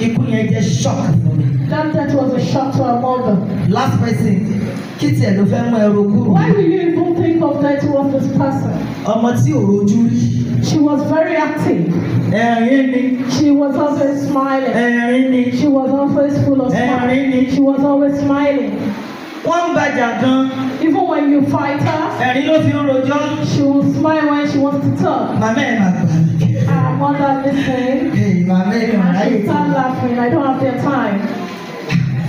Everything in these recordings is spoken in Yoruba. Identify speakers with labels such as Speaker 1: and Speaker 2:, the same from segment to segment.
Speaker 1: Ikú yẹn jẹ́ shock fún mi. That death was a shock to our mother. Last person kí tiẹ̀ ló fẹ́ mú ẹrù kúrò. Why do you even think of that towards this person? Ọmọ tí ò rojú rí. She was very active. Ẹ̀rín ni. She was always smiling. Ẹ̀rín ni. She was always full of smile. Ẹ̀rín ni. She was always smiling wọ́n ń bàjà gan. even when you fight her. ẹ̀rín ló fi ń rojọ́. she will smile when she wants to talk. màmá ẹ̀ máa gbà mí. ah mother listen. Hey, màmá ẹ̀ kàn ráyè. and she start laughing I don't have the time.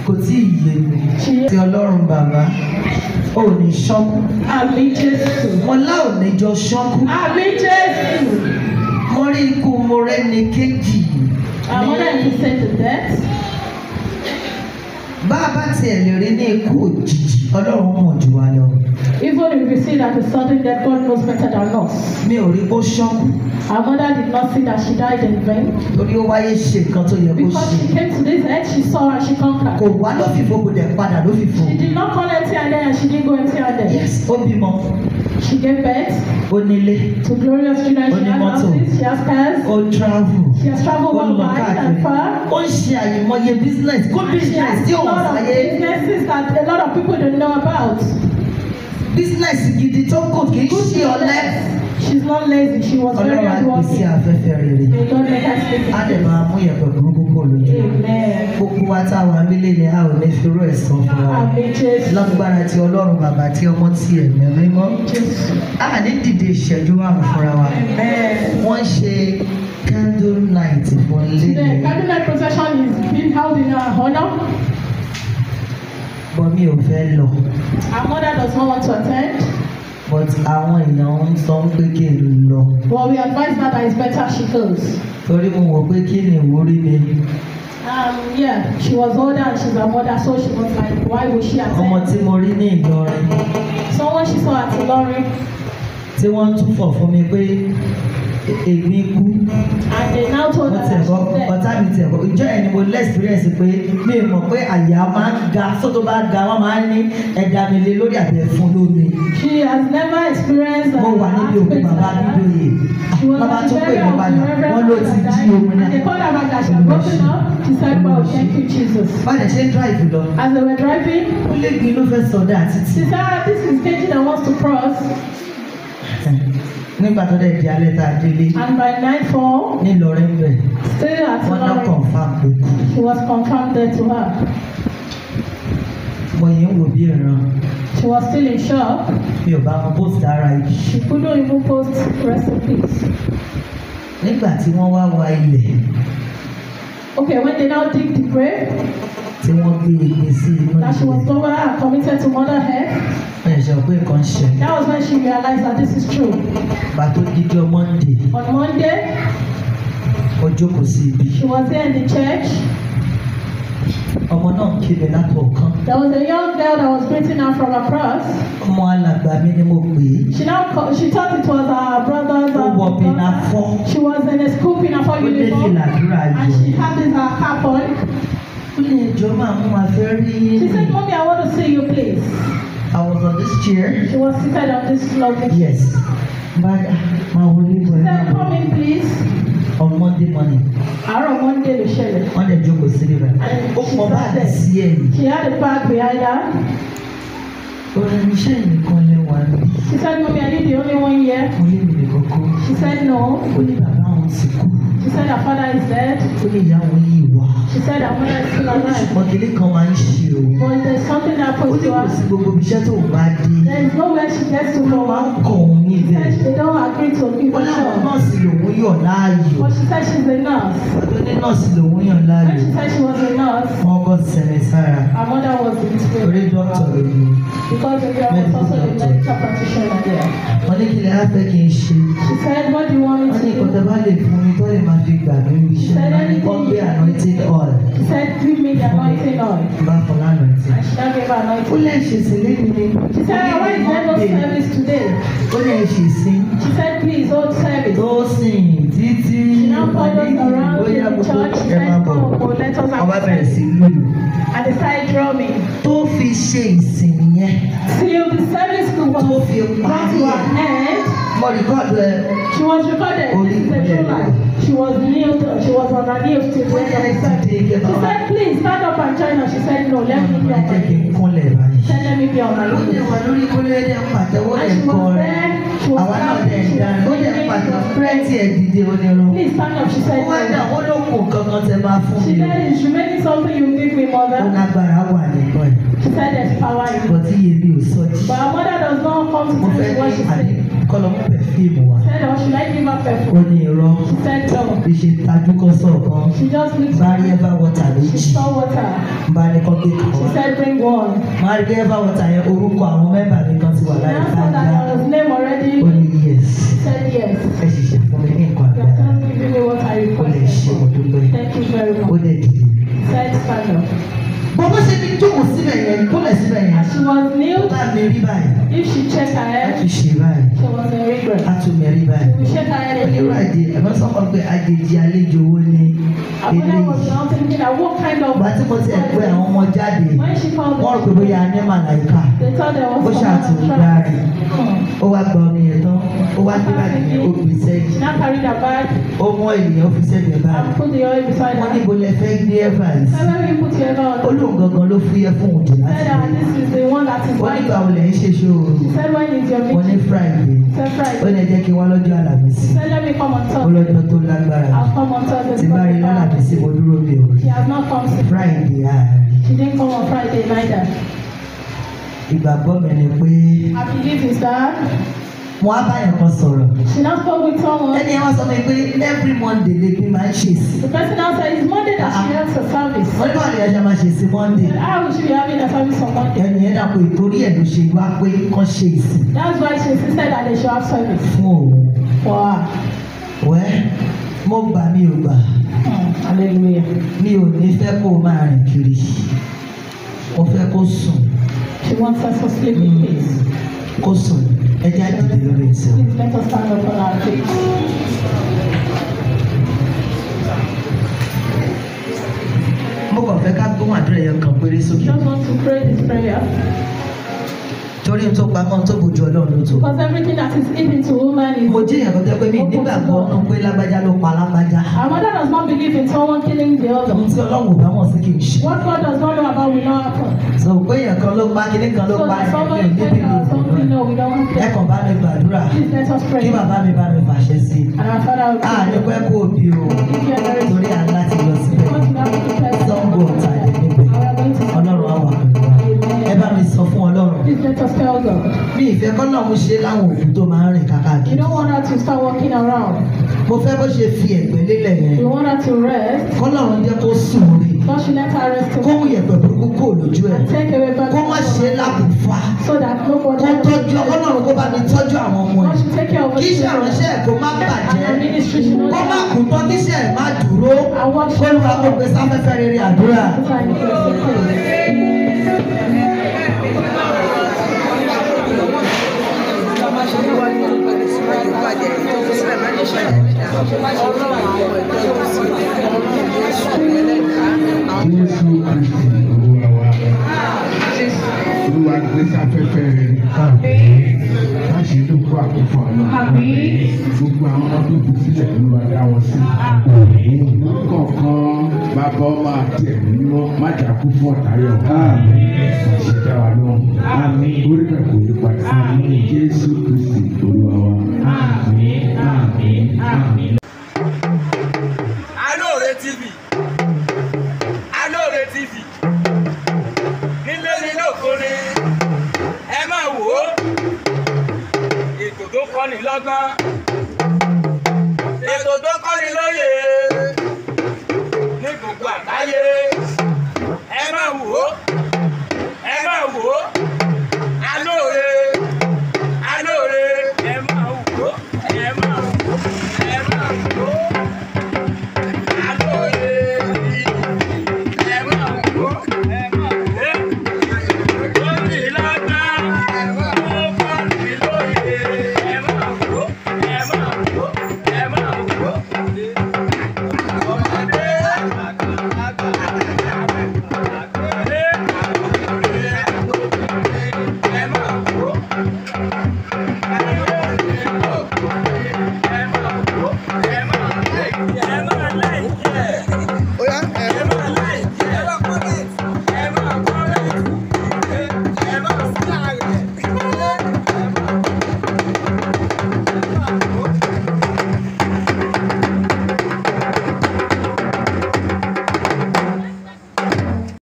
Speaker 1: kò tí ì yé mi. ti ọlọ́run bàbá ò ní ṣọ́kù. àmì jésù. wọn lá ò ní jọ ṣọ́kù. àmì jésù. mo rí ikú mo rẹ́ni kéjì. àwọn náà ti sẹ́ńtì dẹ́tì bá a bá tiẹ̀ lè rí ní ikú òjijì ọlọ́run mọ̀ jù wá lọ. even if we see that the sudden death God knows better than us. mi ò rí kó ṣọ́kù. our mother did not see that she died in vain. torí ó wáyé ṣe nǹkan tó yẹ kó ṣe. because she came to this end she saw and she conquered. kò wá ló fi fòkùn dẹ̀ padà ló fi fò. she did not call empty handed and she didn't go empty handed. yes ó bímọ. She gave birth. Onílé. To glorious children. Onímọ́tò. She has cars. On travel. She has traveled worldwide well and far. Ó ń ṣe àyèmọye business. Good business tí ò wọ́n sáyé. a lot of businesses that a lot of people don't know about. Business gidi tó kù kì í ṣe ọ̀lẹ she's not lazy she was very hard working. ọlọ́run á pèsè afẹ́fẹ́ rere. may God let her speak. á lè máa mú ìyẹ̀pẹ̀ burúkú kò lójú. gbogbo wa táwọn abílẹ̀ ni a ò ní fi rú ẹ̀sán fún wa. lágbára ti ọlọ́run bàbá tí ọmọ ti ẹ̀mí mímọ́. a ní dìde ìṣẹ́jú àrùn fúnra wa. wọ́n ṣe candle night fún ilé. the candle night procession is being held in our uh, honour bọ̀ mi ò fẹ́ lọ. Our mother does not want to attend but àwọn èèyàn ń sọ pé kí n lọ. but we advise her that it's better she goes. torí mo wò pé kí ni ìwúrí mi. Um, yeah, she was older and she's a mother, so she was like, why would she attend? Ọmọ tí mo rí ní Ìlọrin. Someone she saw at Ìlọrin. Tí wọ́n ń túfọ̀ fún mi pé èmi kú. and she mi ti ẹ̀kọ́ ìjọ ẹni mo lẹ́ pé mi mọ̀ pé àyà máa ń ga sótó bá ga wọ́n máa ń ní ẹ̀dá mi lé lórí àbẹ̀ fún lómi. she has never experienced that. mo wà níbi òkú bàbá bíbélì bàbá tó pè mí padà wọ́n ló ti jí omi náà. they called her back as she broken up she said wow thank you Jesus. bàdà ṣe ń drive lọ. as they were driving. ó lé gbin ló fẹ́ sọdá àti tì. she said this is Keji that wants to cross sùn nígbà tó dẹ̀ di alẹ́ tá a délé. and by nightfall. ní Ìlọrin bẹ̀. still at Ìlọrin. wọ́n náà confam pé she was confirmed dead to her. mo yẹn wò bí ìran. she was still in shock. mi ò bá wọn post ara yìí. she couldn't even post recipes. nígbà tí wọ́n wá wa ilẹ̀. okay when they now dig the grave. tí wọ́n gbé ìgbésí that she was lower and committed to mother her that was when she realized that this is true. bàtó on Monday. on Monday. ó jókòó sí ibi. she was there in the church. ọmọ náà kiri láti ọ̀kan. there was a young girl that was greeting her from across. ọmọ alàgbà mi ni mo pè é. she now call, she thought it was her brother's. ó wọ pinafọ́. she was in a school pinafọ́ uniform. ó dé ìlàdúrà yìí. and she had this her cap on. ó lè jọ máa mú ma rí. she said mommy I want to see you please. I was on this chair. She was seated on this lovely Yes. But uh, my will leave Sir, come in, please. On Monday morning. Àárọ̀ Monday Michelle. On the dẹ̀ jókòó sí rẹ̀. Ó pọ̀ She had a bag behind her. Orin iṣẹ́ nìkan lẹ wà ní. She said, "Mommy, I need the only one here. Mo lé mi She said, No. Only ní one. She said her father is dead. Ó ní ìyàwó yìí wá. She said her mother is still alive. Ó ní ṣùgbọ́n kìnìún kan máa ń ṣe o. But there is something that happens to her. Ó ní kò sí gbogbo iṣẹ́ tó bá dé. There is nowhere she gets to go. Wọ́n máa ń kọ̀ òun ní ibẹ̀. She said they don't agree to give her help. Ó láwọn nọ́ọ̀sì lòun yàn láàyò. But she said she is a nurse. Ó ní nọ́ọ̀sì lòun yàn láàyò. When she said she was a nurse. Wọ́n bọ̀ sẹ̀rẹ̀ sára. Her mother was in school. Orí dọ́kítọ̀ ló ní. Because the girl also a medical practitioner there. Wọ́n ní kí lè á fẹ́ kí n ṣe. She said what do you want me to do? Wọ́n ní ìkọ̀tẹ̀ bá lè fún mi tó lè máa máa fi gbà mí wí. Come be anointing oil. He said, give me the anointing oil. Bá fún anointing. I shall give anointing. Ó lè ṣe sí lébi ni. She said, why is there no service today? Ó lè ṣe sí. She said, please hold service. Ó sìn títí. She now us around the church. She said, come, go, let us have a service. I decide side drumming. Tó fi ṣe ìsìn yẹn. Till the service could go. Tó fi parí ẹ̀ mo she was recorded in sexual she was kneeled she was on her knees to pray she said please stand up and join us she said no let me be on my knees she said let me be on my knees. And she was there. She was ń pàtẹ́wọ́ ẹ̀ please stand up she said oh, no. she said "Is remaining something you give me mother. she said there's power in it. but her mother does not come to tell me what she said kọ́lọ́ mú pẹ̀fíìmù wa. ó ní irọ́ oh. bí ṣe tajú kọ́ sọ̀kan báyẹ̀ bá wọ́tà méjì bá ní kọ́ gbé kọ́. báyẹ̀ bá wọ́tà yẹn orúkọ àwọn mẹ́bàá mi kan ti wà láyé fáńdà ó ní yes ẹ sì ṣe fún mi ní nǹkan àgbà ó lè ṣe òdúgbò ó lè dìde jókòó síbẹ̀ yẹn kúnlẹ̀ síbẹ̀ yẹn. she was new. tá a lè rí báyìí. if she check her head. a tún ṣe báyìí. she was a regret. a tún mẹ̀rí báyìí. she check her head again. oníwàdí ẹ bá sọ́kàn pé àjèjì àlejò wo ni eléyìí. bàtí mo ti ẹ̀ pé àwọn ọmọ jáde wọ́n rò pé bóyá anẹ́mà làyíká ó ṣàtúndárí ó wá gba omi yẹn tán ó wá dé báyìí ó fi sẹ́yìn. she now carry her bag. ó mú ènìyàn fi sẹ́yìn ẹ̀ báyìí. and put the oil beside her. wọ́n ní ìbòlẹ̀ fẹ́ gbé evans. ẹlẹ́rìí put your hand. olóhùn gangan ló fúyẹ́ fún òjò láti. said that this is the one that is why. wọ́n ní báwo lẹ̀ ń ṣe ṣe o. she said when is your meeting. wọ́n ní friday. said friday. ó lè jẹ́ kí wọ́n lọ́jọ́ alábìsí. said let me come on top. ó lọ́jọ́ tó lágbára. I'll come on top. ti bá rí lálàbìsí mo dúró mi o. she has not come since. friday ah. she didn't come on friday neither. ìgbàgbọ́ mi ni pé. I believe in that mo á báyọ̀ kan sọ̀rọ̀. she now spoke with someone. ẹni ẹ wá sọ fún mi pé every monday lè gbé máa ń the person now said it's monday that she ah, ah. has her service. wọ́n ní báwo ni ẹja máa ṣe sí monday. how will she be having her service on monday. ẹni ẹ dàpọ̀ ìtorí ẹ̀ ló ṣe wá pé kán ṣe ìsìn. that's why she insisted that they should have service. fún òun. for her. wẹ́ẹ́ mo gbà mi ò gbà. Hmm, hallelujah. mi ò ní fẹ́ kó o máa rìn kiri mo fẹ́ kó sùn. she wants us to sleep in hmm. peace. Mm kó ẹ jẹ́ àdìdì lórí ẹsẹ̀ o. mo kàn fẹ́ ká gbóhùn àdúrà yẹn kan péré sókè. just want to pray this prayer torí n tó pamọ́ n tó bojú ọlọ́run ló tó. because everything that is given to woman is. mo jẹ́ ìyàwó tẹ́ pé mi nígbàgbọ́ ọ̀nà pé lágbájá ló pa lágbájá. our mother does not believe in someone killing the other. ohun tí ọlọ́run ò bá mọ̀ sí kì í ṣe. what God does not know about will not happen. so pé èèyàn kan ló pa kíní kan ló pa ẹ̀ ní bíbí mi. ẹ kàn bá mi gbàdúrà kí bàbá mi bá mi fàṣẹ sí i. àní pẹ́ kó o bí o. báwo ṣe láwọn òbí tó máa ń rìn kákàkiri. you don't want her to start walking around. mo fẹ́ bó ṣe fi ẹ̀gbẹ́ lélẹ̀ yẹn. you want her to rest. kọ́lọ́run jẹ́ kó sùn rí. Don't you let her rest. kó wùyẹ̀ pẹ̀lú kókó lójú ẹ̀. take away back. kó má ṣe lákùnfà. so that no one. kó tọ́jú ọlọ́run kó bá mi tọ́jú àwọn ọmọ yìí. God should take care of her. kí iṣẹ́ ìránṣẹ́ ẹ̀ kó má bàjẹ́. kó má kú tán kí iṣẹ́ ẹ̀ má dúró. kó lu akọ̀gbẹ́sáfẹ́fẹ́ rere àdúrà. Jésù Kristi olúwa wa. Olúwa Gbogbo àwọn ọdún kù sílẹ̀ olúwa dá wọn sí. Kọ̀ọ̀kan bàbá ọmọ àti ẹ̀mí mímọ́ má jà kú fún ọ̀tá yọ. ṣẹ̀dá wa lọ́wọ́ orí rẹ̀ kò yí padà Jésù Kristi olúwa wa. Alore TV Alore ètò tó kọ́ni lọ́gán ètò tó kọ́ni lóye gbogbo àgbáyé ẹ máa wò ó.